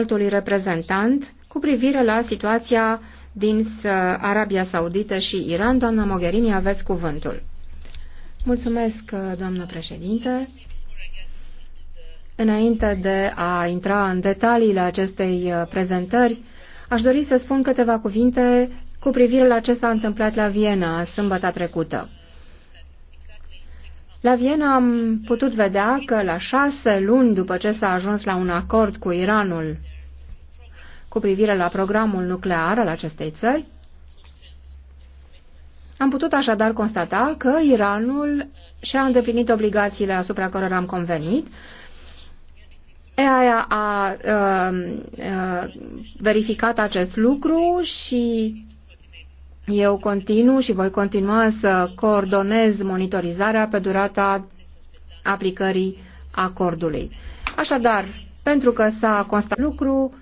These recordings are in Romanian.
altului reprezentant cu privire la situația din Arabia Saudită și Iran. Doamna Mogherini, aveți cuvântul. Mulțumesc, doamnă președinte. Înainte de a intra în detaliile acestei uh, prezentări, aș dori să spun câteva cuvinte cu privire la ce s-a întâmplat la Viena sâmbătă trecută. La Viena am putut vedea că la șase luni după ce s-a ajuns la un acord cu Iranul cu privire la programul nuclear al acestei țări, am putut așadar constata că Iranul și-a îndeplinit obligațiile asupra cărora am convenit, EIA a, a, a verificat acest lucru și eu continu și voi continua să coordonez monitorizarea pe durata aplicării acordului. Așadar, pentru că s-a constatat lucru,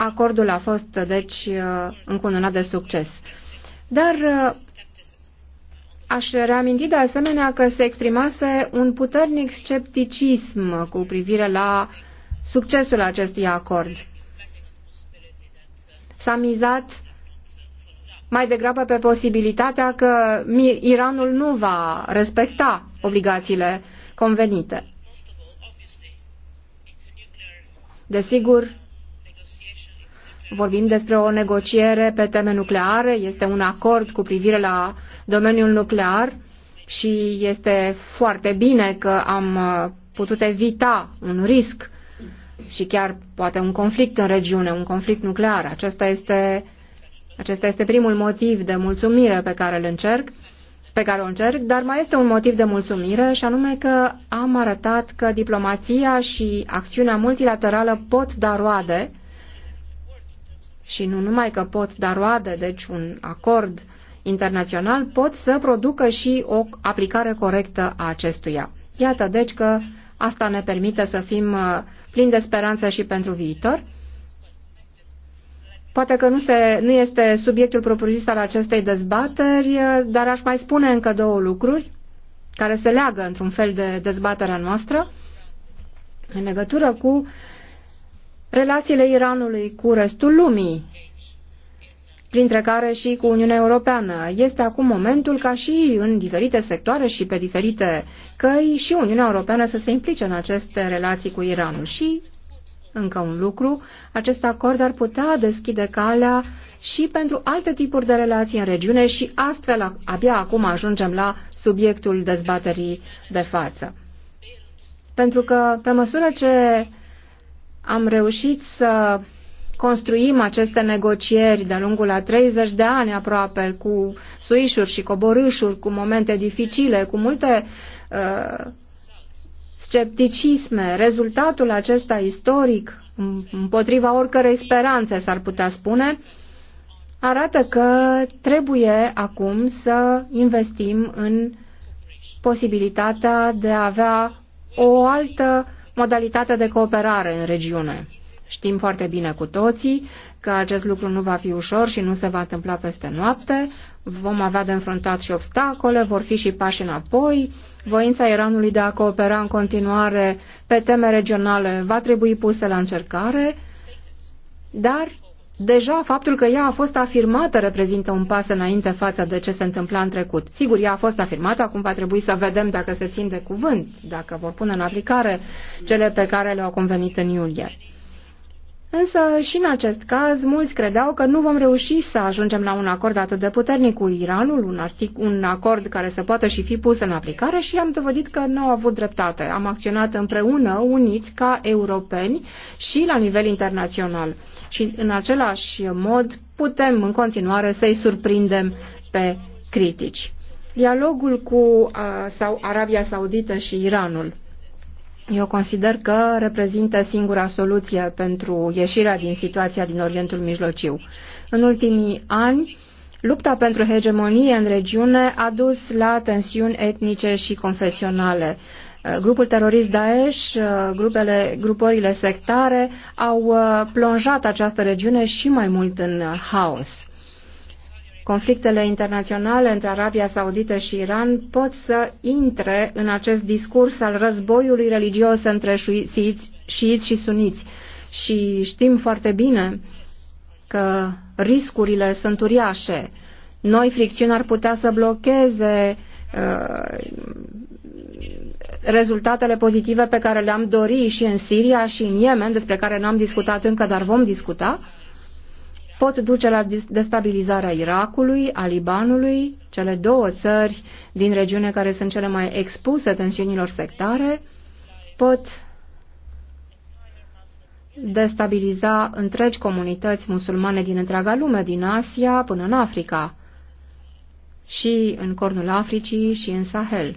acordul a fost, deci, uh, încununat de succes. Dar uh, aș reaminti de asemenea că se exprimase un puternic scepticism cu privire la succesul acestui acord. S-a mizat mai degrabă pe posibilitatea că Iranul nu va respecta obligațiile convenite. Desigur, Vorbim despre o negociere pe teme nucleare, este un acord cu privire la domeniul nuclear și este foarte bine că am uh, putut evita un risc și chiar poate un conflict în regiune, un conflict nuclear. Acesta este, acesta este primul motiv de mulțumire pe care îl încerc pe care o încerc, dar mai este un motiv de mulțumire și anume că am arătat că diplomația și acțiunea multilaterală pot da roade și nu numai că pot da roade, deci un acord internațional, pot să producă și o aplicare corectă a acestuia. Iată, deci că asta ne permite să fim uh, plini de speranță și pentru viitor. Poate că nu, se, nu este subiectul propriu-zis al acestei dezbateri, uh, dar aș mai spune încă două lucruri care se leagă într-un fel de dezbaterea noastră în legătură cu relațiile Iranului cu restul lumii, printre care și cu Uniunea Europeană. Este acum momentul ca și în diferite sectoare și pe diferite căi și Uniunea Europeană să se implice în aceste relații cu Iranul. Și, încă un lucru, acest acord ar putea deschide calea și pentru alte tipuri de relații în regiune și astfel abia acum ajungem la subiectul dezbaterii de față. Pentru că, pe măsură ce am reușit să construim aceste negocieri de-a lungul a 30 de ani aproape, cu suișuri și coborâșuri, cu momente dificile, cu multe uh, scepticisme. Rezultatul acesta istoric, împotriva oricărei speranțe s-ar putea spune, arată că trebuie acum să investim în posibilitatea de a avea o altă uh, modalitate de cooperare în regiune. Știm foarte bine cu toții că acest lucru nu va fi ușor și nu se va întâmpla peste noapte. Vom avea de înfruntat și obstacole, vor fi și pași înapoi. Voința Iranului de a coopera în continuare pe teme regionale va trebui puse la încercare, dar Deja faptul că ea a fost afirmată reprezintă un pas înainte față de ce se întâmpla în trecut. Sigur, ea a fost afirmată, acum va trebui să vedem dacă se țin de cuvânt, dacă vor pune în aplicare cele pe care le-au convenit în iulie. Însă și în acest caz, mulți credeau că nu vom reuși să ajungem la un acord atât de puternic cu Iranul, un, artic, un acord care să poată și fi pus în aplicare și am dovedit că nu au avut dreptate. Am acționat împreună, uniți ca europeni și la nivel internațional. Și în același mod putem în continuare să-i surprindem pe critici. Dialogul cu uh, sau Arabia Saudită și Iranul. Eu consider că reprezintă singura soluție pentru ieșirea din situația din Orientul Mijlociu. În ultimii ani, lupta pentru hegemonie în regiune a dus la tensiuni etnice și confesionale. Grupul terorist Daesh, grupele, grupurile sectare au uh, plonjat această regiune și mai mult în haos conflictele internaționale între Arabia Saudită și Iran pot să intre în acest discurs al războiului religios între șiiți, șiiți și suniți. Și știm foarte bine că riscurile sunt uriașe. Noi fricțiuni ar putea să blocheze uh, rezultatele pozitive pe care le-am dorit și în Siria și în Yemen, despre care n-am discutat încă, dar vom discuta pot duce la destabilizarea Irakului, a Libanului, cele două țări din regiune care sunt cele mai expuse tensiunilor sectare, pot destabiliza întregi comunități musulmane din întreaga lume, din Asia până în Africa, și în cornul Africii și în Sahel.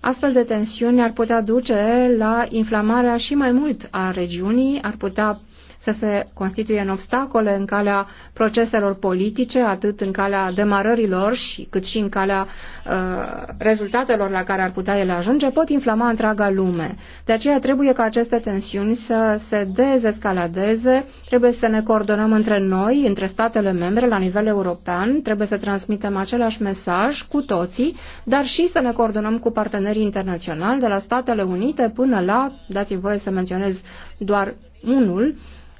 Astfel de tensiuni ar putea duce la inflamarea și mai mult a regiunii, ar putea să se constituie în obstacole în calea proceselor politice, atât în calea demarărilor și, cât și în calea uh, rezultatelor la care ar putea ele ajunge, pot inflama întreaga lume. De aceea trebuie ca aceste tensiuni să se dezescaladeze, trebuie să ne coordonăm între noi, între statele membre, la nivel european, trebuie să transmitem același mesaj cu toții, dar și să ne coordonăm cu partenerii internaționali, de la Statele Unite până la, dați-mi voie să menționez doar unul,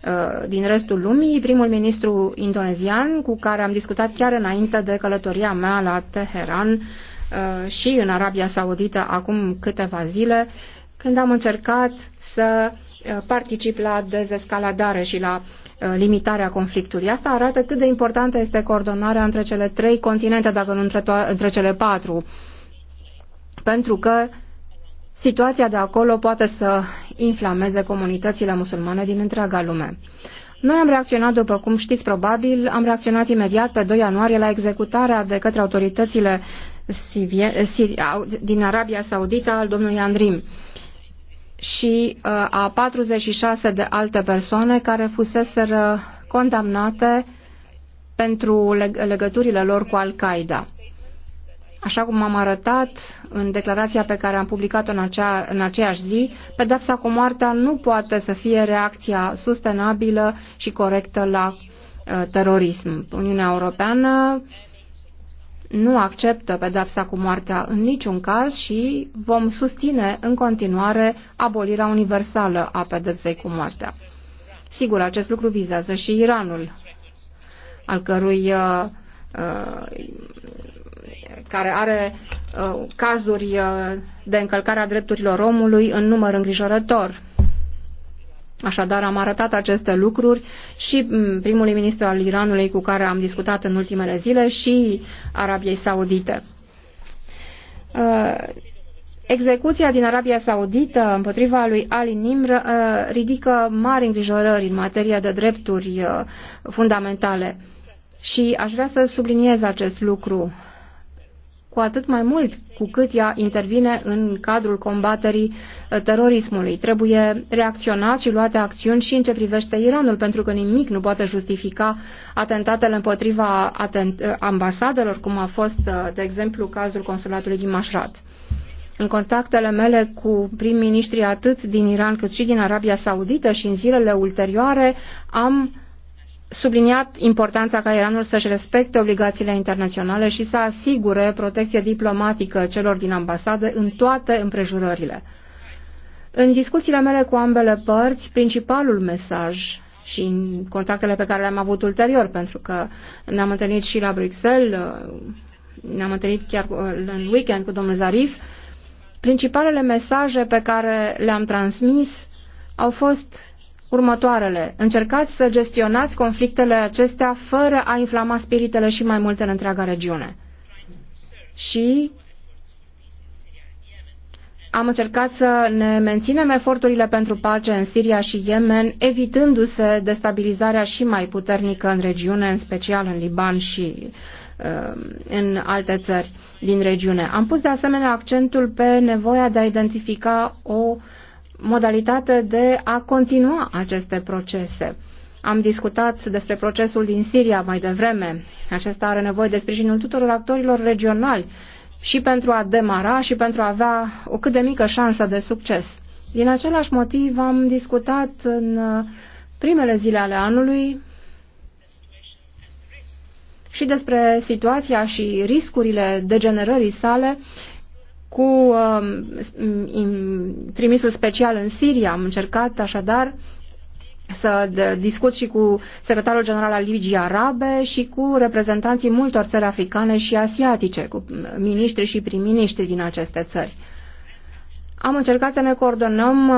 Uh, din restul lumii, primul ministru indonezian, cu care am discutat chiar înainte de călătoria mea la Teheran uh, și în Arabia Saudită acum câteva zile, când am încercat să uh, particip la dezescaladare și la limitarea conflictului. Asta arată cât de importantă este coordonarea între cele trei continente, dacă nu între, între cele patru. Pentru că situația de acolo poate să inflameze comunitățile musulmane din întreaga lume. Noi am reacționat, după cum știți probabil, am reacționat imediat pe 2 ianuarie la executarea de către autoritățile din Arabia Saudită al domnului Andrim și uh, a 46 de alte persoane care fuseseră condamnate pentru legăturile lor cu Al-Qaeda. Așa cum am arătat în declarația pe care am publicat-o în, acea, în aceeași zi, pedepsa cu moartea nu poate să fie reacția sustenabilă și corectă la uh, terorism. Uniunea Europeană nu acceptă pedepsa cu moartea în niciun caz și vom susține în continuare abolirea universală a pedepsei cu moartea. Sigur, acest lucru vizează și Iranul, al cărui uh, uh, care are uh, cazuri uh, de încălcare a drepturilor omului în număr îngrijorător. Așadar, am arătat aceste lucruri și primului ministru al Iranului cu care am discutat în ultimele zile și Arabiei Saudite. Uh, Execuția din Arabia Saudită împotriva lui Ali Nimr uh, ridică mari îngrijorări în materie de drepturi uh, fundamentale. Și aș vrea să subliniez acest lucru cu atât mai mult cu cât ea intervine în cadrul combaterii uh, terorismului. Trebuie reacționat și luate acțiuni și în ce privește Iranul, pentru că nimic nu poate justifica atentatele împotriva atent- uh, ambasadelor, cum a fost, uh, de exemplu, cazul consulatului din Mașrat. În contactele mele cu prim-ministrii atât din Iran cât și din Arabia Saudită și în zilele ulterioare am subliniat importanța ca Iranul să-și respecte obligațiile internaționale și să asigure protecție diplomatică celor din ambasade în toate împrejurările. În discuțiile mele cu ambele părți, principalul mesaj și în contactele pe care le-am avut ulterior, pentru că ne-am întâlnit și la Bruxelles, ne-am întâlnit chiar în weekend cu domnul Zarif, principalele mesaje pe care le-am transmis au fost următoarele. Încercați să gestionați conflictele acestea fără a inflama spiritele și mai multe în întreaga regiune. Și am încercat să ne menținem eforturile pentru pace în Siria și Yemen, evitându-se destabilizarea și mai puternică în regiune, în special în Liban și uh, în alte țări din regiune. Am pus de asemenea accentul pe nevoia de a identifica o uh, modalitate de a continua aceste procese. Am discutat despre procesul din Siria mai devreme. Acesta are nevoie de sprijinul tuturor actorilor regionali și pentru a demara și pentru a avea o cât de mică șansă de succes. Din același motiv am discutat în uh, primele zile ale anului și despre situația și riscurile degenerării sale cu um, trimisul special în Siria. Am încercat așadar să discut și cu secretarul general al Ligii Arabe și cu reprezentanții multor țări africane și asiatice, cu miniștri și prim-miniștri din aceste țări. Am încercat să ne coordonăm uh,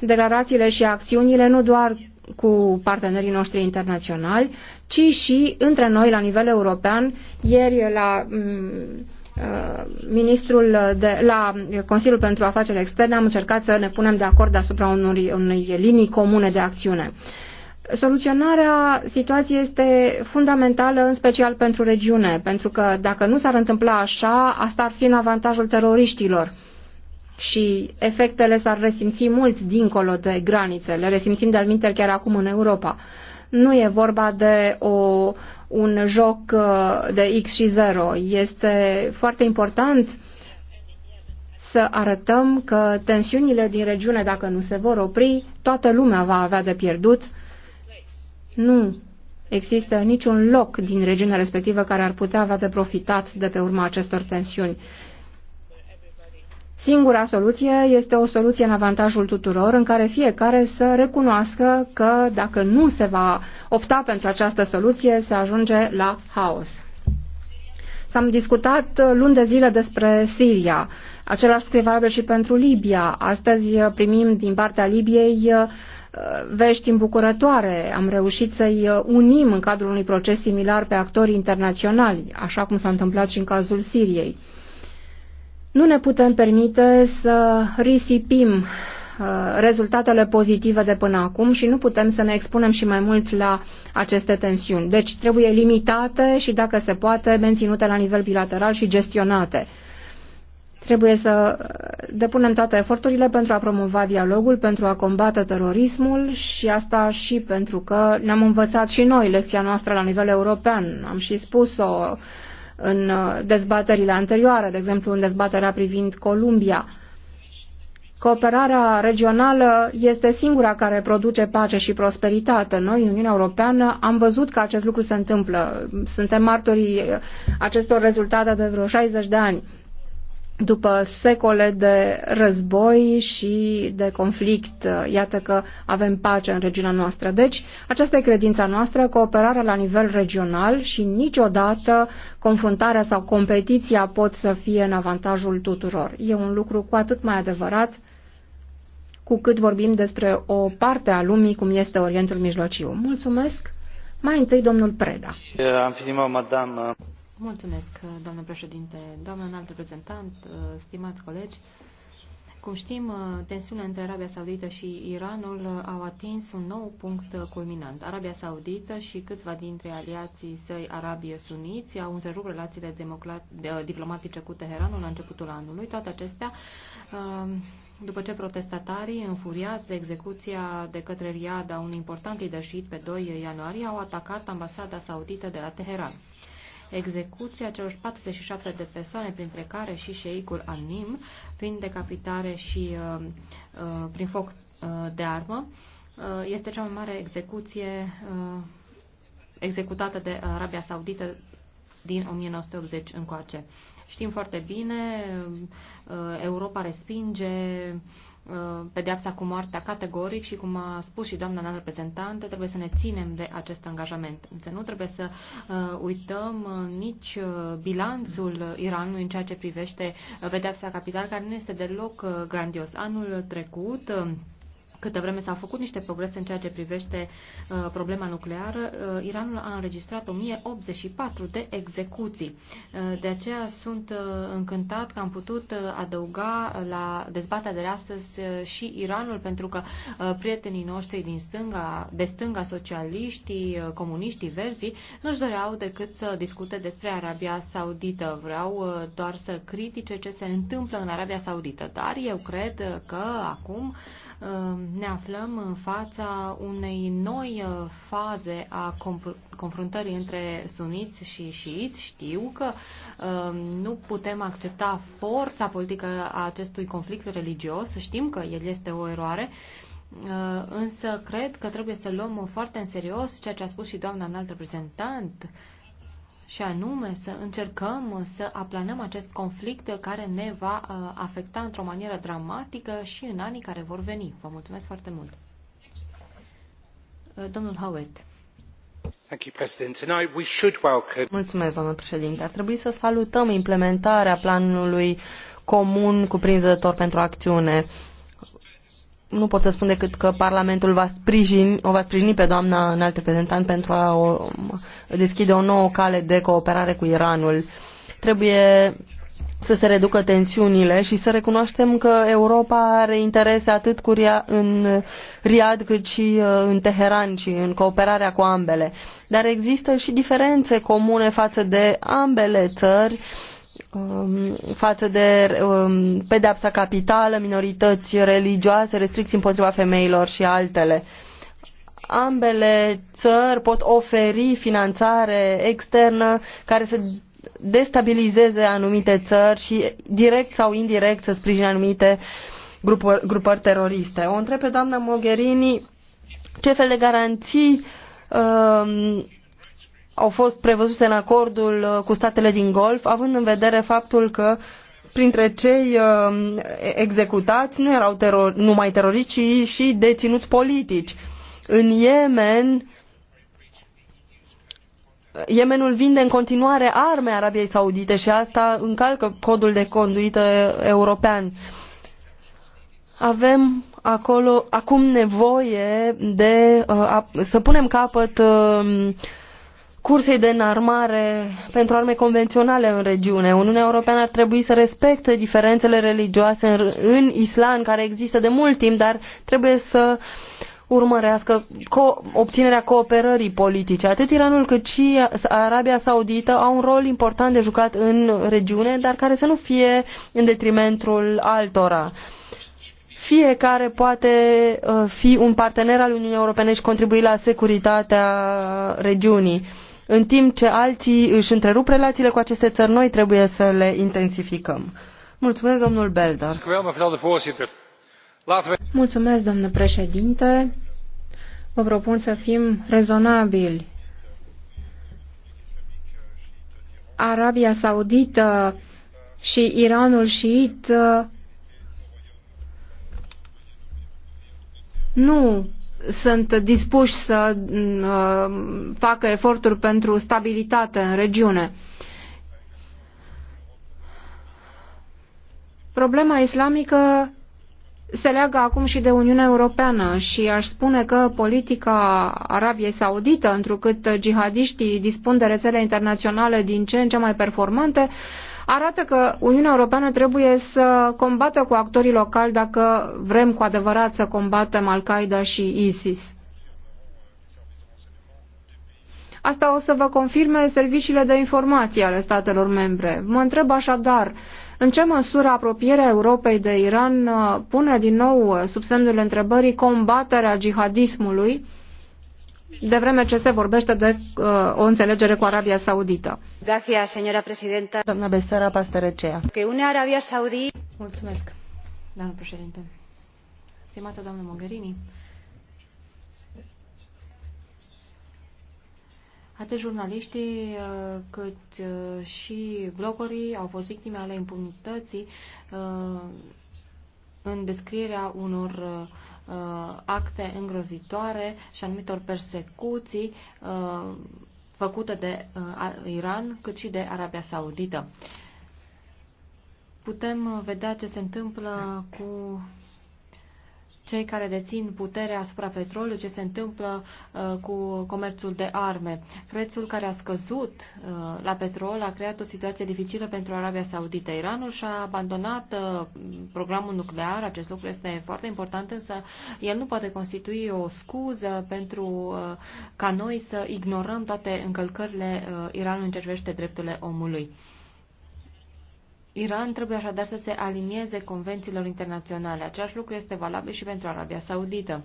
declarațiile și acțiunile nu doar cu partenerii noștri internaționali, ci și între noi la nivel european. Ieri la Uh, ministrul de, la Consiliul pentru Afaceri Externe am încercat să ne punem de acord asupra unui, unei linii comune de acțiune. Soluționarea situației este fundamentală, în special pentru regiune, pentru că dacă nu s-ar întâmpla așa, asta ar fi în avantajul teroriștilor și efectele s-ar resimți mult dincolo de granițe. Le resimțim de-al chiar acum în Europa. Nu e vorba de o un joc uh, de X și 0. Este foarte important să arătăm că tensiunile din regiune, dacă nu se vor opri, toată lumea va avea de pierdut. Nu există niciun loc din regiunea respectivă care ar putea avea de profitat de pe urma acestor tensiuni. Singura soluție este o soluție în avantajul tuturor, în care fiecare să recunoască că dacă nu se va opta pentru această soluție, se ajunge la haos. S-am discutat luni de zile despre Siria. Același lucru e valabil și pentru Libia. Astăzi primim din partea Libiei uh, vești îmbucurătoare. Am reușit să-i uh, unim în cadrul unui proces similar pe actorii internaționali, așa cum s-a întâmplat și în cazul Siriei. Nu ne putem permite să risipim uh, rezultatele pozitive de până acum și nu putem să ne expunem și mai mult la aceste tensiuni. Deci trebuie limitate și, dacă se poate, menținute la nivel bilateral și gestionate. Trebuie să depunem toate eforturile pentru a promova dialogul, pentru a combate terorismul și asta și pentru că ne-am învățat și noi lecția noastră la nivel european. Am și spus-o în uh, dezbaterile anterioare, de exemplu în dezbaterea privind Columbia. Cooperarea regională este singura care produce pace și prosperitate. Noi, în Uniunea Europeană, am văzut că acest lucru se întâmplă. Suntem martorii acestor rezultate de vreo 60 de ani după secole de război și de conflict. Iată că avem pace în regiunea noastră. Deci, aceasta e credința noastră, cooperarea la nivel regional și niciodată confruntarea sau competiția pot să fie în avantajul tuturor. E un lucru cu atât mai adevărat cu cât vorbim despre o parte a lumii, cum este Orientul Mijlociu. Mulțumesc! Mai întâi, domnul Preda. Am finit, madame. Mulțumesc, doamnă președinte, doamnă înalt reprezentant, uh, stimați colegi. Cum știm, uh, tensiunea între Arabia Saudită și Iranul uh, au atins un nou punct culminant. Arabia Saudită și câțiva dintre aliații săi arabie suniți au întrerupt relațiile diplomatice cu Teheranul la începutul anului. Toate acestea după ce protestatarii, înfuriați de execuția de către Riad a unui important leadership pe 2 ianuarie, au atacat ambasada saudită de la Teheran execuția celor 47 de persoane, printre care și șeicul Anim, prin decapitare și uh, uh, prin foc uh, de armă, uh, este cea mai mare execuție uh, executată de Arabia Saudită din 1980 încoace. Știm foarte bine, uh, Europa respinge Uh, pedeapsa cu moartea categoric și, cum a spus și doamna înalt reprezentantă, trebuie să ne ținem de acest angajament. Însă nu trebuie să uh, uităm uh, nici bilanțul Iranului în ceea ce privește pedeapsa capital, care nu este deloc grandios. Anul trecut, câtă vreme s-au făcut niște progrese în ceea ce privește uh, problema nucleară, uh, Iranul a înregistrat 1084 de execuții. Uh, de aceea sunt uh, încântat că am putut uh, adăuga la dezbaterea de astăzi uh, și Iranul, pentru că uh, prietenii noștri din stânga, de stânga, socialiștii, uh, comuniștii, verzii, nu-și doreau decât să discute despre Arabia Saudită. Vreau uh, doar să critique ce se întâmplă în Arabia Saudită. Dar eu cred uh, că acum uh, Ehm, ne aflăm în fața unei noi eh, faze a confruntării între suniți și șiiți. Știu că ehm, nu putem accepta forța politică a acestui conflict religios, știm că el este o eroare, eh, însă cred că trebuie să luăm foarte în serios ceea ce a spus și doamna înalt reprezentant, și anume să încercăm să aplanăm acest conflict care ne va uh, afecta într-o manieră dramatică și în anii care vor veni. Vă mulțumesc foarte mult. Uh, domnul Howitt. Mulțumesc, domnul președinte. Ar trebui să salutăm implementarea planului comun cuprinzător pentru acțiune nu pot să spun decât că Parlamentul va sprijini, o va sprijini pe doamna înalt reprezentant pentru a o, deschide o nouă cale de cooperare cu Iranul. Trebuie să se reducă tensiunile și să recunoaștem că Europa are interese atât cu Ria, în Riad cât și uh, în Teheran și în cooperarea cu ambele. Dar există și diferențe comune față de ambele țări Um, față de um, pedeapsa pedepsa capitală, minorități religioase, restricții împotriva femeilor și altele. Ambele țări pot oferi finanțare externă care să destabilizeze anumite țări și direct sau indirect să sprijine anumite grupări, grupări teroriste. O întreb pe doamna Mogherini ce fel de garanții um, au fost prevăzute în acordul uh, cu statele din Golf, având în vedere faptul că printre cei uh, executați nu erau teror, numai teroriști, ci și deținuți politici. În Yemen, Yemenul vinde în continuare arme Arabiei Saudite și asta încalcă codul de conduită european. Avem acolo acum nevoie de uh, a, să punem capăt uh, cursei de înarmare pentru arme convenționale în regiune. Uniunea Europeană ar trebui să respecte diferențele religioase în, în Islam, care există de mult timp, dar trebuie să urmărească co- obținerea cooperării politice. Atât Iranul cât și Arabia Saudită au un rol important de jucat în regiune, dar care să nu fie în detrimentul altora fiecare poate uh, fi un partener al Uniunii Europene și contribui la securitatea regiunii în timp ce alții își întrerup relațiile cu aceste țări, noi trebuie să le intensificăm. Mulțumesc, domnul Belder. Mulțumesc, domnule președinte. Vă propun să fim rezonabili. Arabia Saudită și Iranul șiit uh, nu sunt dispuși să mm, ă, facă eforturi pentru stabilitate în regiune. Problema islamică se leagă acum și de Uniunea Europeană și aș spune că politica Arabiei Saudită, întrucât jihadiștii dispun de rețele internaționale din ce în ce mai performante, arată că Uniunea Europeană trebuie să combată cu actorii locali dacă vrem cu adevărat să combatem Al-Qaeda și ISIS. Asta o să vă confirme serviciile de informații ale statelor membre. Mă întreb așadar, în ce măsură apropierea Europei de Iran uh, pune din nou uh, sub semnul întrebării combaterea jihadismului de vreme ce se vorbește de uh, o înțelegere cu Arabia Saudită. Gracias, señora presidenta. Doamna Besara Pastărecea. Că une Arabia Saudita. Mulțumesc, doamnă președinte. Stimată doamnă Mogherini, atât jurnaliștii uh, cât uh, și blogorii au fost victime ale impunității uh, în descrierea unor Uh, acte îngrozitoare și anumitor persecuții uh, făcute de uh, Iran, cât și de Arabia Saudită. Putem vedea ce se întâmplă cu cei care dețin puterea asupra petrolului, ce se întâmplă uh, cu comerțul de arme. Prețul care a scăzut uh, la petrol a creat o situație dificilă pentru Arabia Saudită. Iranul și-a abandonat uh, programul nuclear, acest lucru este foarte important, însă el nu poate constitui o scuză pentru ca noi să ignorăm toate încălcările Iranului în drepturile omului. Iran trebuie așadar să se alinieze convențiilor internaționale. Același lucru este valabil și pentru Arabia Saudită.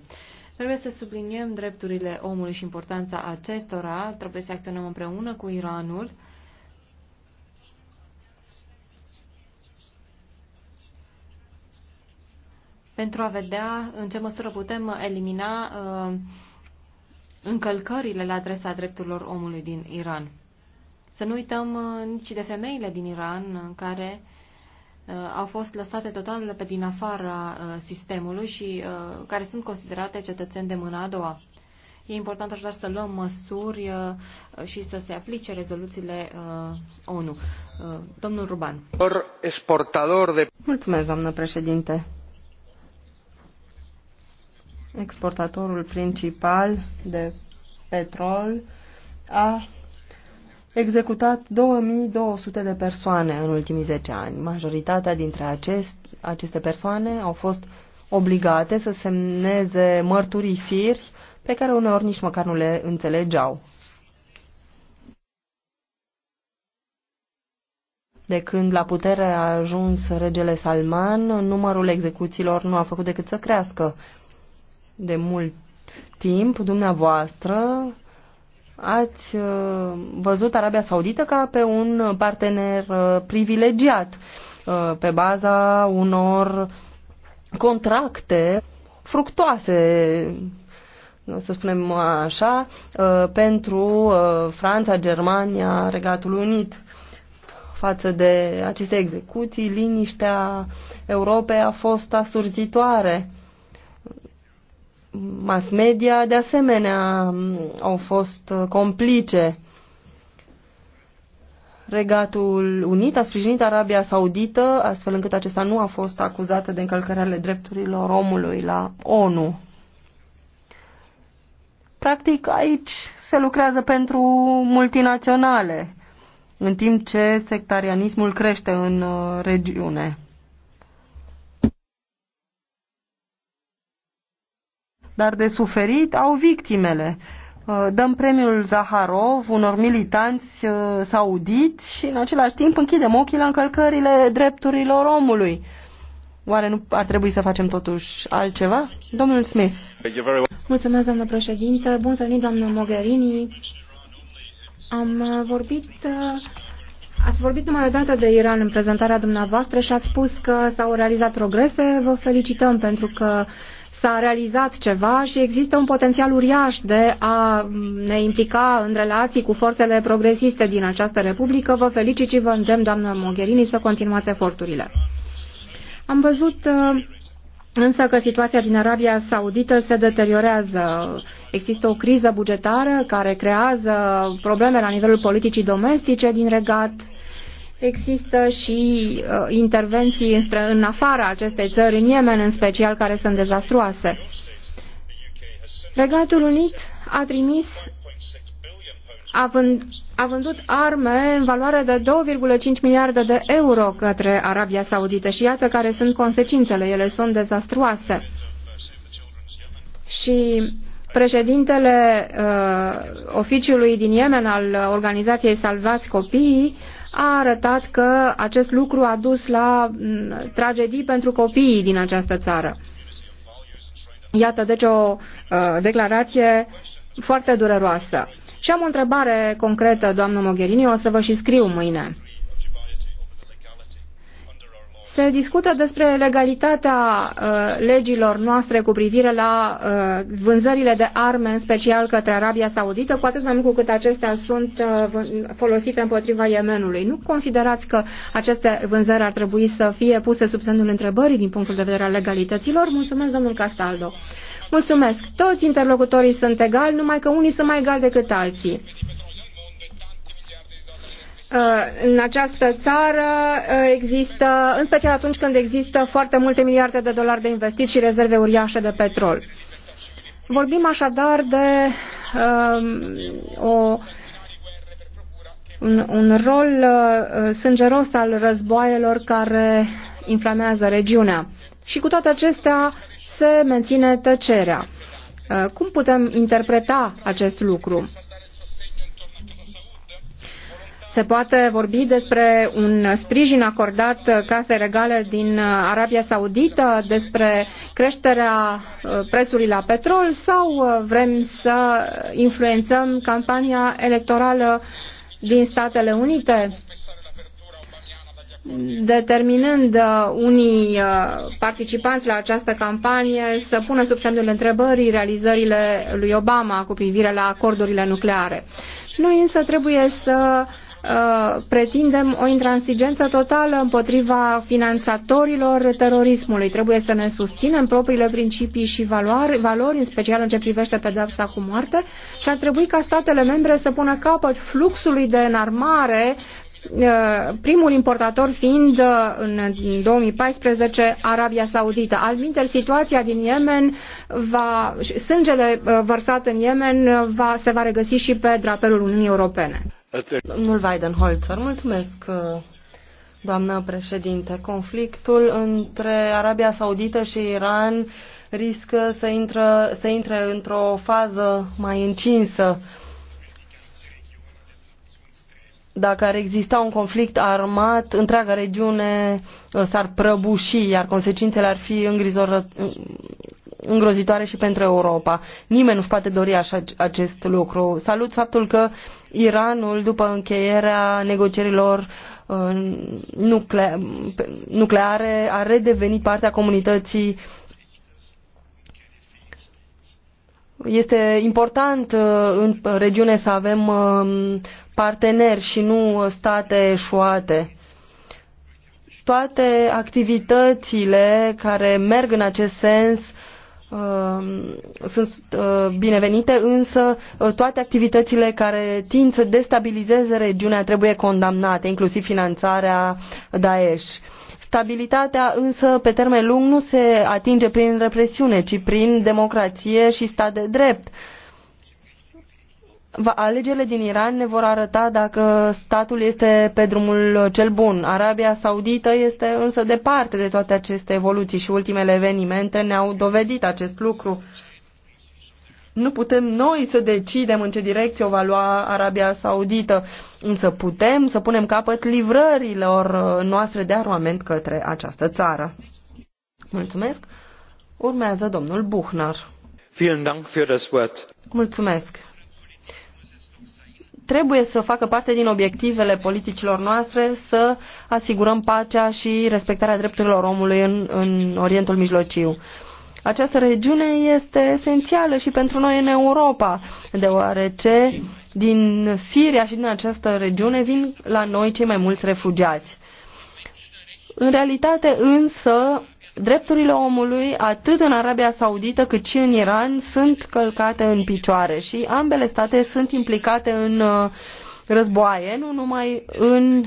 Trebuie să subliniem drepturile omului și importanța acestora, trebuie să acționăm împreună cu Iranul pentru a vedea în ce măsură putem elimina uh, încălcările la adresa drepturilor omului din Iran. Să nu uităm uh, nici de femeile din Iran care uh, au fost lăsate total pe din afara uh, sistemului și care sunt considerate cetățeni de mâna a doua. E important așadar să luăm măsuri și să se aplice rezoluțiile ONU. Domnul Ruban. de... Mulțumesc, doamnă președinte. Exportatorul principal de petrol a executat 2200 de persoane în ultimii 10 ani. Majoritatea dintre acest, aceste persoane au fost obligate să semneze mărturisiri pe care uneori nici măcar nu le înțelegeau. De când la putere a ajuns regele Salman, numărul execuțiilor nu a făcut decât să crească. De mult timp, dumneavoastră, ați uh, văzut Arabia Saudită ca pe un partener uh, privilegiat uh, pe baza unor contracte fructoase, să spunem așa, pentru Franța, Germania, Regatul Unit. Față de aceste execuții, liniștea Europei a fost asurzitoare mass media de asemenea au fost uh, complice. Regatul Unit a sprijinit Arabia Saudită, astfel încât acesta nu a fost acuzată de încălcări ale drepturilor omului la ONU. Practic, aici se lucrează pentru multinaționale, în timp ce sectarianismul crește în uh, regiune. dar de suferit au victimele. Uh, dăm premiul Zaharov unor militanți uh, saudiți și în același timp închidem ochii la încălcările drepturilor omului. Oare nu ar trebui să facem totuși altceva? Domnul Smith. Mulțumesc, doamnă președinte. Bun venit, doamnă Mogherini. Am uh, vorbit... Ați vorbit numai o dată de Iran în prezentarea dumneavoastră și ați spus că s-au realizat progrese. Vă felicităm pentru că uh, s-a realizat ceva și există un potențial uriaș de a ne implica în relații cu forțele progresiste din această republică. Vă felicit și vă îndemn, doamnă Mogherini, să continuați eforturile. Am văzut uh, însă că situația din Arabia Saudită se deteriorează. Există o criză bugetară care creează probleme la nivelul politicii domestice din regat, Există și uh, intervenții în, stră, în afara acestei țări, în Yemen în special, care sunt dezastruoase. Regatul Unit a trimis a, vând, a vândut arme în valoare de 2,5 miliarde de euro către Arabia Saudită și iată care sunt consecințele, ele sunt dezastruoase. Și președintele uh, oficiului din Yemen al organizației Salvați Copiii uh, a arătat că acest lucru a dus la mm, tragedii pentru copiii din această țară. Iată, deci, o uh, declarație foarte dureroasă. Și am o întrebare concretă, doamnă Mogherini, o să vă și scriu mâine se discută despre legalitatea uh, legilor noastre cu privire la uh, vânzările de arme, în special către Arabia Saudită, cu atât mai mult cu cât acestea sunt uh, folosite împotriva Yemenului. Nu considerați că aceste vânzări ar trebui să fie puse sub semnul întrebării din punctul de vedere al legalităților? Mulțumesc, domnul Castaldo. Mulțumesc. Toți interlocutorii sunt egali, numai că unii sunt mai egali decât alții. Uh, în această țară uh, există, în special atunci când există foarte multe miliarde de dolari de investit și rezerve uriașe de petrol. Vorbim așadar de uh, o, un, un rol uh, sângeros al războaielor care inflamează regiunea. Și cu toate acestea se menține tăcerea. Uh, cum putem interpreta acest lucru? se poate vorbi despre un sprijin acordat casei regale din Arabia Saudită, despre creșterea uh, prețului la petrol sau uh, vrem să influențăm campania electorală din Statele Unite? determinând uh, unii participanți la această campanie să pună sub semnul întrebării realizările lui Obama cu privire la acordurile nucleare. Noi însă trebuie să uh, Uh, pretindem o intransigență totală împotriva finanțatorilor terorismului. Trebuie să ne susținem propriile principii și valori, valori în special în ce privește pedepsa cu moarte și ar trebui ca statele membre să pună capăt fluxului de înarmare uh, primul importator fiind uh, în 2014 Arabia Saudită. Alminter, situația din Yemen va, sângele vărsat în Yemen va, se va regăsi și pe drapelul Uniunii Europene. Domnul Weidenholzer, mulțumesc, uh, doamnă președinte. Conflictul între Arabia Saudită și Iran riscă să, intră, să intre într-o fază mai încinsă. Dacă ar exista un conflict armat, întreaga regiune uh, s-ar prăbuși, iar consecințele ar fi îngrizorătoare îngrozitoare și pentru Europa. Nimeni nu-și poate dori așa, acest lucru. Salut faptul că Iranul, după încheierea negocierilor uh, nucle nucleare, a redevenit partea comunității este important uh, în regiune să avem uh, parteneri și nu state eșuate. Toate activitățile care merg în acest sens Um, sunt uh, binevenite, însă uh, toate activitățile care tind să destabilizeze regiunea trebuie condamnate, inclusiv finanțarea Daesh. Stabilitatea însă pe termen lung nu se atinge prin represiune, ci prin democrație și stat de drept. Uh, alegerile din Iran ne vor arăta dacă statul este pe drumul cel bun. Arabia Saudită este însă departe de toate aceste evoluții și ultimele evenimente ne-au dovedit acest lucru. Nu putem noi să decidem în ce direcție o va lua Arabia Saudită, însă putem să punem capăt livrărilor noastre de armament către această țară. Mulțumesc. Urmează domnul Buchner. Mulțumesc trebuie să facă parte din obiectivele politicilor noastre să asigurăm pacea și respectarea drepturilor omului în, în Orientul Mijlociu. Această regiune este esențială și pentru noi în Europa, deoarece din Siria și din această regiune vin la noi cei mai mulți refugiați. În realitate însă drepturile omului, atât în Arabia Saudită cât și în Iran, sunt călcate în picioare și ambele state sunt implicate în uh, războaie, nu numai în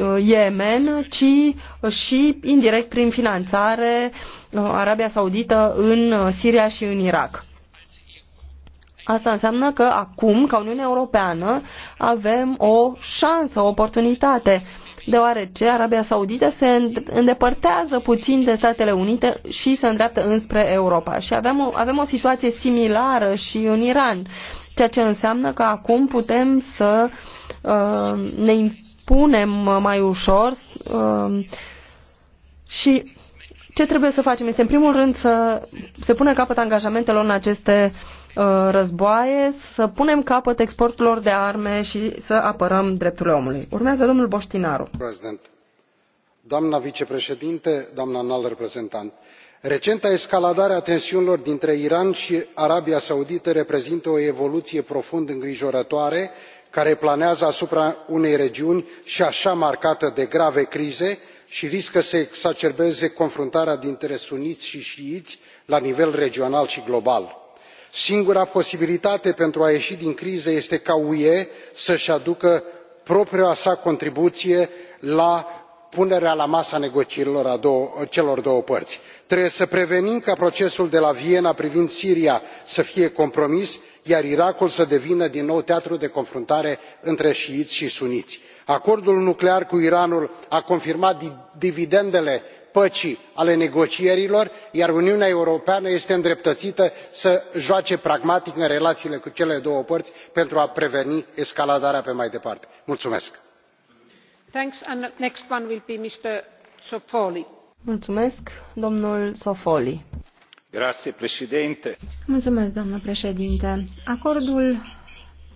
uh, Yemen, ci și indirect prin finanțare uh, Arabia Saudită în Siria și în Irak. Asta înseamnă că acum, ca Uniunea Europeană, avem o șansă, o oportunitate, deoarece Arabia Saudită se îndepărtează puțin de Statele Unite și se îndreaptă înspre Europa. Și avem o, avem o situație similară și în Iran, ceea ce înseamnă că acum putem să uh, ne impunem mai ușor uh, și ce trebuie să facem este, în primul rând, să se pune capăt angajamentelor în aceste uh, Uh, războaie, să punem capăt exporturilor de arme și să apărăm drepturile omului. Urmează domnul Boștinaru. President. Doamna vicepreședinte, doamna înalt reprezentant, recenta escaladare a tensiunilor dintre iran și arabia saudită reprezintă o evoluție profund îngrijorătoare care planează asupra unei regiuni și așa marcată de grave crize și riscă să exacerbeze confruntarea dintre suniți și șiiți la nivel regional și global singura posibilitate pentru a ieși din criză este ca ue să și aducă propria sa contribuție la punerea la masa negocierilor a celor două părți. trebuie să prevenim ca procesul de la viena privind siria să fie compromis iar irakul să devină din nou teatru de confruntare între șiiți și suniți. acordul nuclear cu iranul a confirmat dividendele păcii ale negocierilor iar uniunea europeană este îndreptățită să joace pragmatic în relațiile cu cele două părți pentru a preveni escaladarea pe mai departe. mulțumesc. Mulțumesc, doamnă președinte acordul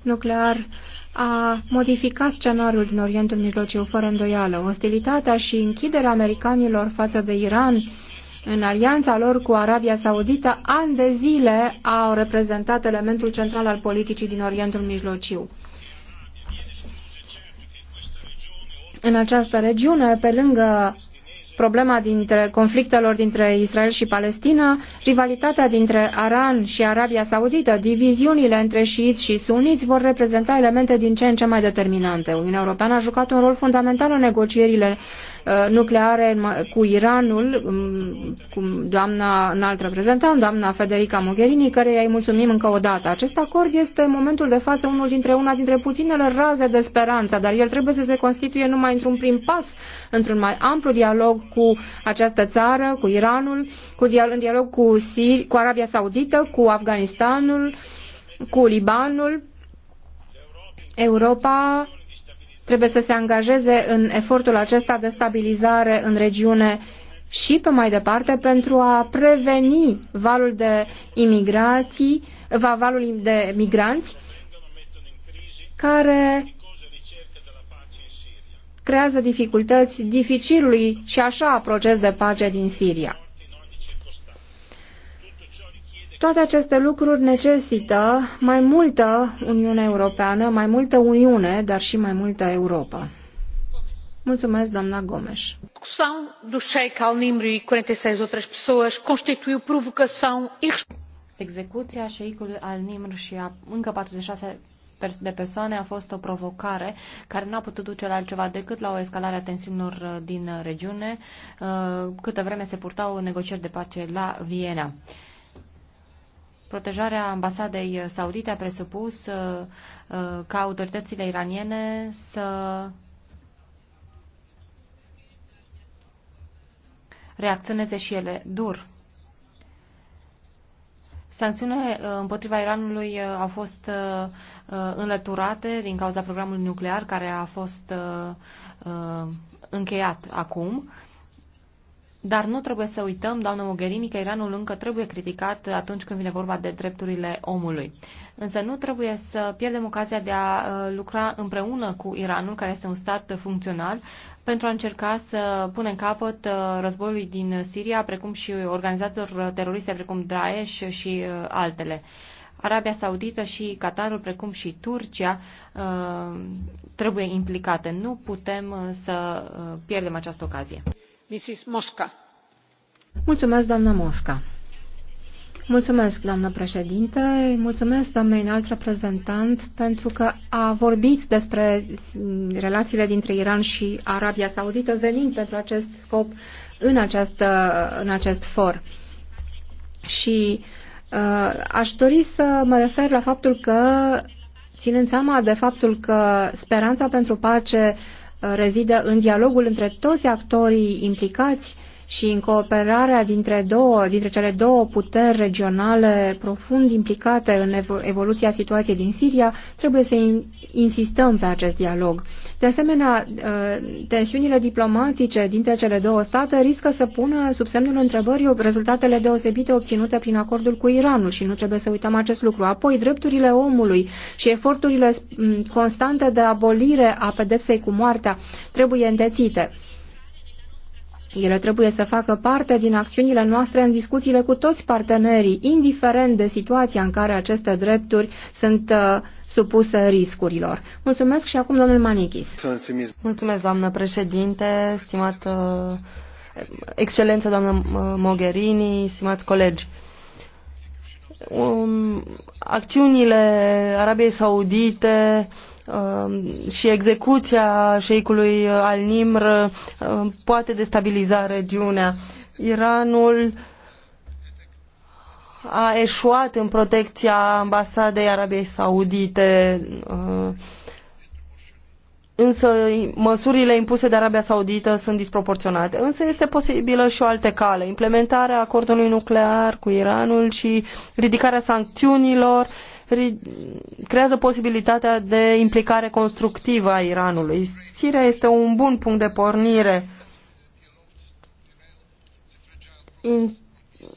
nuclear a modificat scenariul din Orientul Mijlociu fără îndoială. Ostilitatea și închiderea americanilor față de Iran în alianța lor cu Arabia Saudită, ani de zile au reprezentat elementul central al politicii din Orientul Mijlociu. În această regiune, pe lângă problema dintre conflictelor dintre Israel și Palestina, rivalitatea dintre Aran și Arabia Saudită, diviziunile între șiiți și suniți vor reprezenta elemente din ce în ce mai determinante. Uniunea Europeană a jucat un rol fundamental în negocierile Uh, nucleare cu Iranul, um, cu doamna înalt reprezentant, doamna Federica Mogherini, care îi mulțumim încă o dată. Acest acord este în momentul de față unul dintre una dintre puținele raze de speranță, dar el trebuie să se constituie numai într-un prim pas, într-un mai amplu dialog cu această țară, cu Iranul, cu dial- în dialog cu, Sir, cu Arabia Saudită, cu Afganistanul, cu Libanul. Europa trebuie să se angajeze în efortul acesta de stabilizare în regiune și pe mai departe pentru a preveni valul de imigrații, valul de migranți care creează dificultăți dificilului și așa proces de pace din Siria. Toate aceste lucruri necesită mai multă Uniune Europeană, mai multă Uniune, dar și mai multă Europa. Mulțumesc, doamna Gomes. Execuția șeicului al Nimr și a încă 46 de persoane a fost o provocare care n-a putut duce la altceva decât la o escalare a tensiunilor uh, din regiune, uh, câtă vreme se purtau negocieri de pace la Viena. Protejarea ambasadei saudite a presupus uh, uh, ca autoritățile iraniene să reacționeze și ele dur. Sancțiunile uh, împotriva Iranului au fost înlăturate din cauza programului nuclear care a fost încheiat acum dar nu trebuie să uităm, doamnă Mogherini, că Iranul încă trebuie criticat atunci când vine vorba de drepturile omului. Însă nu trebuie să pierdem ocazia de a uh, lucra împreună cu Iranul, care este un stat funcțional, pentru a încerca să punem capăt uh, războiului din Siria, precum și organizațiilor teroriste precum Daesh și uh, altele. Arabia Saudită și Qatarul, precum și Turcia, trebuie implicate. Nu putem să pierdem această ocazie. Mulțumesc, doamnă Mosca. Mulțumesc, doamnă președinte, mulțumesc, doamnei înalt reprezentant, pentru că a vorbit despre relațiile dintre Iran și Arabia Saudită, venind pentru acest scop în, acest în acest for. Și uh, aș dori să mă refer la faptul că, ținând seama de faptul că speranța pentru pace uh, rezidă în dialogul între toți actorii implicați și în cooperarea dintre, două, dintre cele două puteri regionale profund implicate în evoluția situației din Siria, trebuie să insistăm pe acest dialog. De asemenea, ă, tensiunile diplomatice dintre cele două state riscă să pună sub semnul întrebării rezultatele deosebite obținute prin acordul cu Iranul și nu trebuie să uităm acest lucru. Apoi, drepturile omului și eforturile constante de abolire a pedepsei cu moartea trebuie îndețite. Ele trebuie să facă parte din acțiunile noastre în discuțiile cu toți partenerii, indiferent de situația în care aceste drepturi sunt uh, supuse riscurilor. Mulțumesc și acum domnul Manichis. Mulțumesc, doamnă președinte, stimată uh, excelență doamnă uh, Mogherini, stimați colegi um, acțiunile Arabiei Saudite um, și execuția șeicului al Nimr um, poate destabiliza regiunea. Iranul a eșuat în protecția ambasadei Arabiei Saudite. Uh, însă măsurile impuse de Arabia Saudită sunt disproporționate. Însă este posibilă și o altă cale, implementarea acordului nuclear cu Iranul și ridicarea sancțiunilor creează posibilitatea de implicare constructivă a Iranului. Siria este un bun punct de pornire.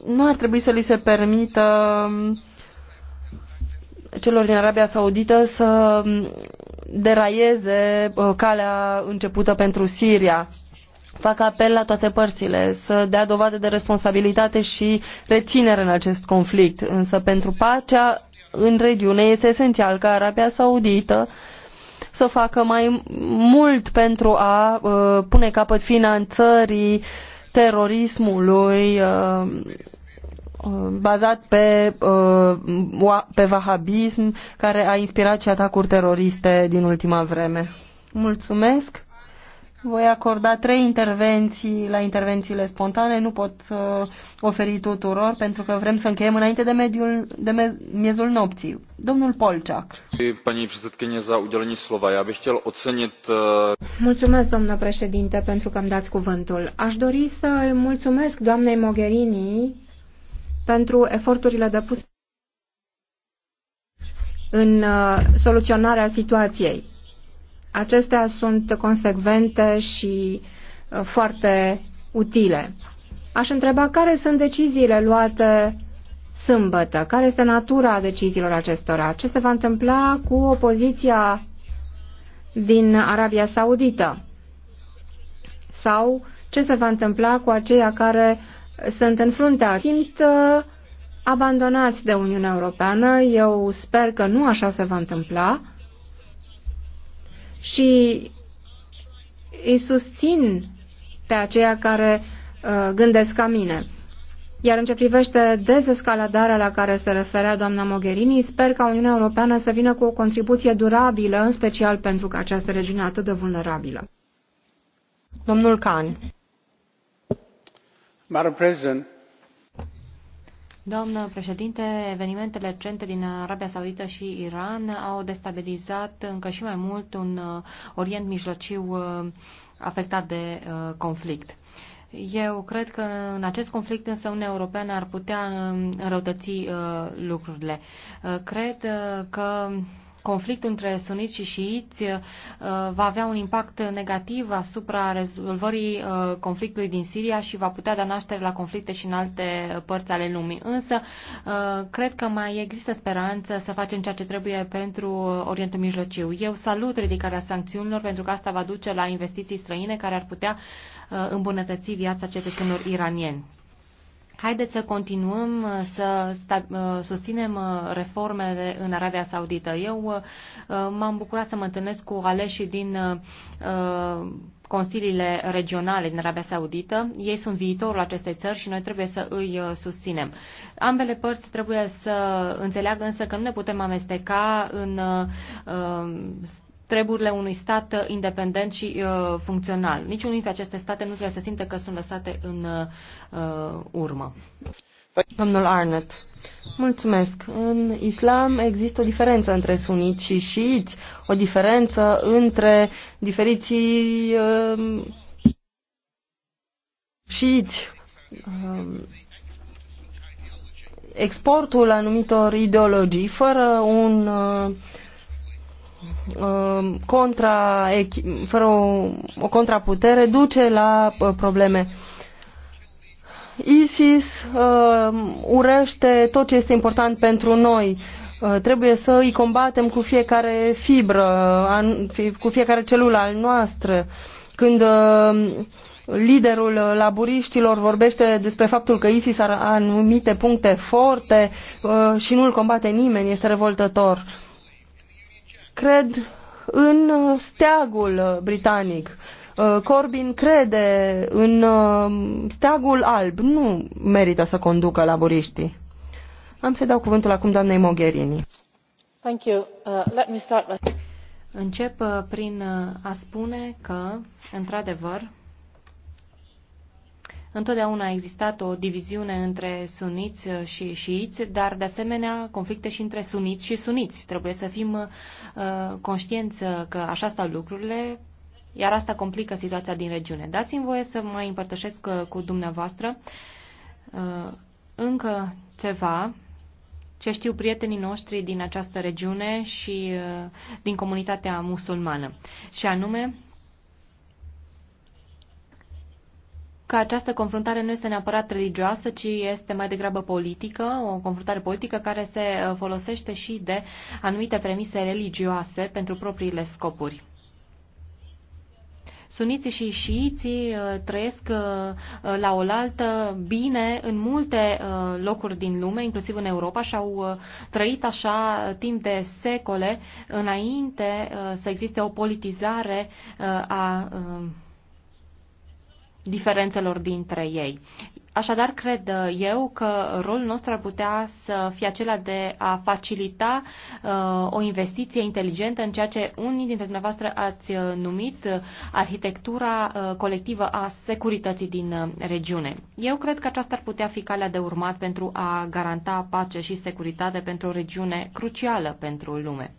nu ar trebui să li se permită um, celor din Arabia Saudită să um, deraieze uh, calea începută pentru Siria. Fac apel la toate părțile să dea dovadă de responsabilitate și reținere în acest conflict. Însă pentru pacea în regiune este esențial ca Arabia Saudită să facă mai mult pentru a uh, pune capăt finanțării terorismului uh, Uh, bazat pe, uh, pe vahabism, care a inspirat și atacuri teroriste din ultima vreme. Mulțumesc! Voi acorda trei intervenții la intervențiile spontane, nu pot uh, oferi tuturor pentru că vrem să încheiem înainte de, mediul, de mez, miezul nopții. Domnul Polciac. slova. ocenit... Uh, mulțumesc, doamnă președinte, pentru că îmi dați cuvântul. Aș dori să mulțumesc doamnei Mogherini pentru eforturile depuse în uh, soluționarea situației. Acestea sunt consecvente și uh, foarte utile. Aș întreba care sunt deciziile luate sâmbătă, care este natura deciziilor acestora, ce se va întâmpla cu opoziția din Arabia Saudită sau ce se va întâmpla cu aceia care sunt fruntea, Simt uh, abandonați de Uniunea Europeană. Eu sper că nu așa se va întâmpla și îi susțin pe aceia care uh, gândesc ca mine. Iar în ce privește dezescaladarea la care se referea doamna Mogherini, sper ca Uniunea Europeană să vină cu o contribuție durabilă, în special pentru că această regiune atât de vulnerabilă. Domnul Can. Doamnă președinte, evenimentele recente din Arabia Saudită și Iran au destabilizat încă și mai mult un uh, Orient mijlociu uh, afectat de uh, conflict. Eu cred că în acest conflict însă Uniunea Europeană ar putea înrăutăți lucrurile. Cred că conflict între suniți și șiiți uh, va avea un impact negativ asupra rezolvării uh, conflictului din Siria și va putea da naștere la conflicte și în alte părți ale lumii. Însă, uh, cred că mai există speranță să facem ceea ce trebuie pentru Orientul Mijlociu. Eu salut ridicarea sancțiunilor pentru că asta va duce la investiții străine care ar putea îmbunătăți viața cetățenilor iranieni. Haideți să continuăm uh, să uh, susținem uh, reformele în Arabia Saudită. Eu m-am bucurat să mă întâlnesc cu aleșii din consiliile regionale din Arabia Saudită. Ei sunt viitorul acestei țări și noi trebuie să îi susținem. Ambele părți trebuie să înțeleagă însă că nu ne putem amesteca în treburile unui stat uh, independent și uh, funcțional. Niciunul dintre aceste state nu trebuie să simte că sunt lăsate în uh, urmă. Domnul Arnett, mulțumesc. În islam există o diferență între suniți și șiiți, o diferență între diferiții uh, șiiți. Uh, exportul anumitor ideologii fără un uh, Um, contra, fără o, o contraputere duce la uh, probleme. ISIS uh, um, urăște tot ce este important pentru noi. Uh, trebuie să îi combatem cu fiecare fibră, uh, an, fi, cu fiecare celulă al noastră. Când uh, liderul laburiștilor vorbește despre faptul că ISIS are anumite puncte forte uh, și nu îl combate nimeni, este revoltător. Uh, cred în uh, steagul uh, britanic. Uh, Corbyn crede în steagul alb. Nu merită să conducă laburiștii. Am să dau cuvântul acum doamnei Mogherini. Thank you. Uh, let me start by... Încep prin a spune că, într-adevăr, Întotdeauna a existat o diviziune între suniți și șiiți, dar de asemenea conflicte și între suniți și suniți. Trebuie să fim uh, conștienți că așa stau lucrurile, iar asta complică situația din regiune. Dați-mi voie să mai împărtășesc uh, cu dumneavoastră uh, încă ceva ce știu prietenii noștri din această regiune și uh, din comunitatea musulmană. Și anume, că această confruntare nu este neapărat religioasă, ci este mai degrabă politică, o confruntare politică care se uh, folosește și de anumite premise religioase pentru propriile scopuri. Suniții și șiiții uh, trăiesc uh, la oaltă bine în multe locuri din lume, inclusiv în Europa, și au trăit așa timp de secole înainte să existe o politizare a diferențelor dintre ei. Așadar, cred uh, eu că rolul nostru ar putea să fie acela de a facilita uh, o investiție inteligentă în ceea ce unii dintre dumneavoastră ați uh, numit uh, arhitectura uh, colectivă a securității din uh, regiune. Eu cred că aceasta ar putea fi calea de urmat pentru a garanta pace și securitate pentru o regiune crucială pentru lume.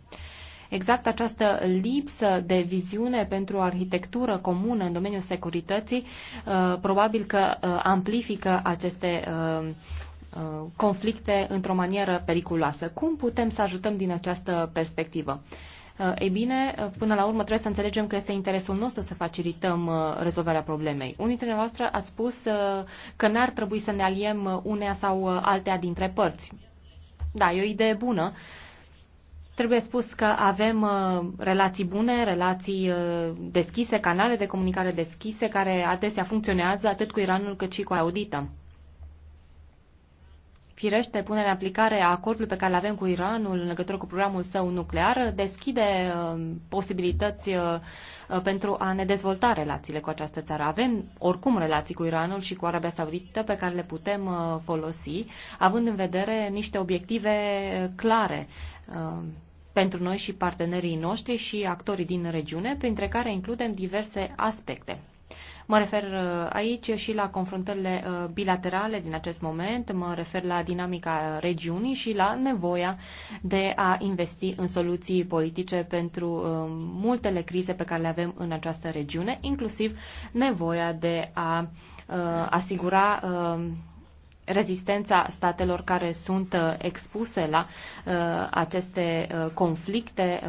Exact această lipsă de viziune pentru o arhitectură comună în domeniul securității uh, probabil că uh, amplifică aceste uh, conflicte într-o manieră periculoasă. Cum putem să ajutăm din această perspectivă? Ei bine, până la urmă trebuie să înțelegem că este interesul nostru să facilităm rezolvarea problemei. Unii dintre noastre a spus că n-ar trebui să ne aliem unea sau altea dintre părți. Da, e o idee bună, Trebuie spus că avem uh, relații bune, relații uh, deschise, canale de comunicare deschise, care adesea funcționează atât cu Iranul cât și cu Saudită. Firește, punerea în aplicare a acordului pe care îl avem cu Iranul în legătură cu programul său nuclear deschide uh, posibilități pentru a ne dezvolta relațiile cu această țară. Avem oricum relații cu Iranul și cu Arabia Saudită pe care le putem folosi, având în vedere niște obiective clare pentru noi și partenerii noștri și actorii din regiune, printre care includem diverse aspecte. Mă refer uh, aici și la confruntările uh, bilaterale din acest moment, mă refer la dinamica regiunii și la nevoia de a investi în soluții politice pentru uh, multele crize pe care le avem în această regiune, inclusiv nevoia de a asigura rezistența statelor care sunt uh, expuse la uh, aceste uh, conflicte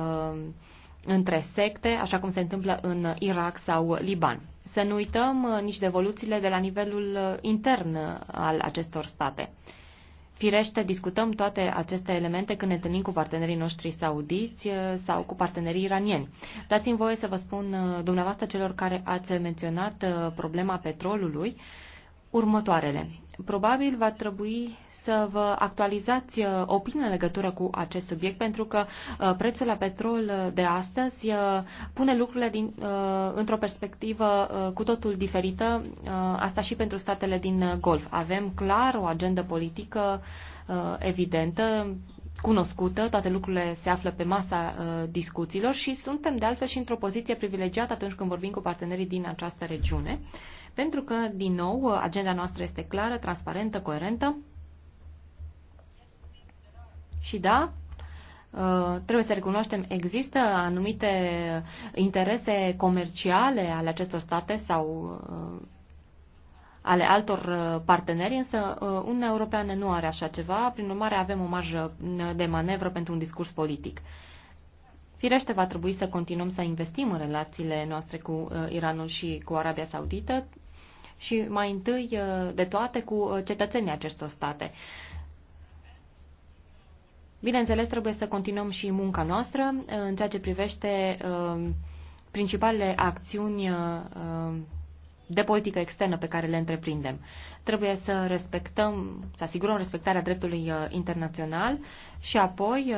între secte, așa cum se întâmplă în Irak sau Liban. Să nu uităm nici de evoluțiile de la nivelul intern al acestor state. Firește, discutăm toate aceste elemente când ne întâlnim cu partenerii noștri saudiți sau cu partenerii iranieni. Dați-mi voie să vă spun, dumneavoastră celor care ați menționat problema petrolului, uh, următoarele. Probabil va trebui să vă actualizați uh, opinia în legătură cu acest subiect, pentru că uh, prețul la petrol uh, de astăzi pune lucrurile din, într-o perspectivă cu totul diferită, asta și pentru statele din Golf. Avem clar o agendă politică evidentă, cunoscută, toate lucrurile se află pe masa uh, discuțiilor și suntem de altfel și într-o poziție privilegiată atunci când vorbim cu partenerii din această regiune. Pentru că, din nou, agenda noastră este clară, transparentă, coerentă. Și da, uh, trebuie să recunoaștem, există anumite interese comerciale ale acestor state sau uh, ale altor uh, parteneri, însă Uniunea Europeană nu are așa ceva, prin urmare avem o marjă de manevră pentru un discurs politic. Firește, va trebui să continuăm să investim în relațiile noastre cu uh, Iranul și cu Arabia Saudită și mai întâi uh, de toate cu uh, cetățenii acestor state. Bineînțeles, trebuie să continuăm și munca noastră în ceea ce privește principalele acțiuni de politică externă pe care le întreprindem. Trebuie să respectăm, să asigurăm respectarea dreptului internațional și apoi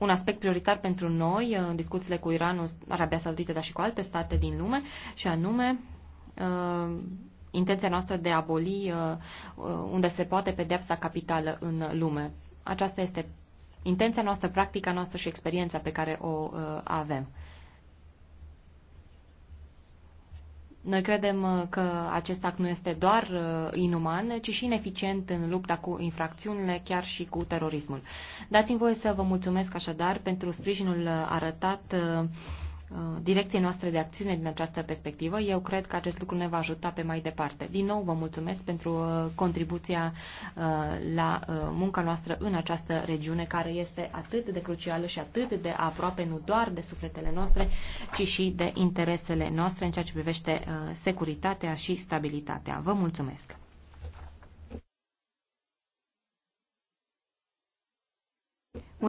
un aspect prioritar pentru noi uh, în discuțiile cu Iranul, Arabia Saudită, dar și cu alte state din lume, și anume uh, intenția noastră de a aboli uh, unde se poate pedepsa capitală în lume. Aceasta este intenția noastră, practica noastră și experiența pe care o avem. Noi credem uh, că acest act nu este doar uh, inuman, ci și ineficient în lupta cu infracțiunile, chiar și cu terorismul. Dați-mi voie să vă mulțumesc așadar pentru sprijinul uh, arătat Uh, direcției noastre de acțiune din această perspectivă. Eu cred că acest lucru ne va ajuta pe mai departe. Din nou vă mulțumesc pentru uh, contribuția uh, la munca noastră în această regiune care este atât de crucială și atât de aproape nu doar de sufletele noastre, ci și de interesele noastre în ceea ce privește securitatea și stabilitatea. Vă mulțumesc!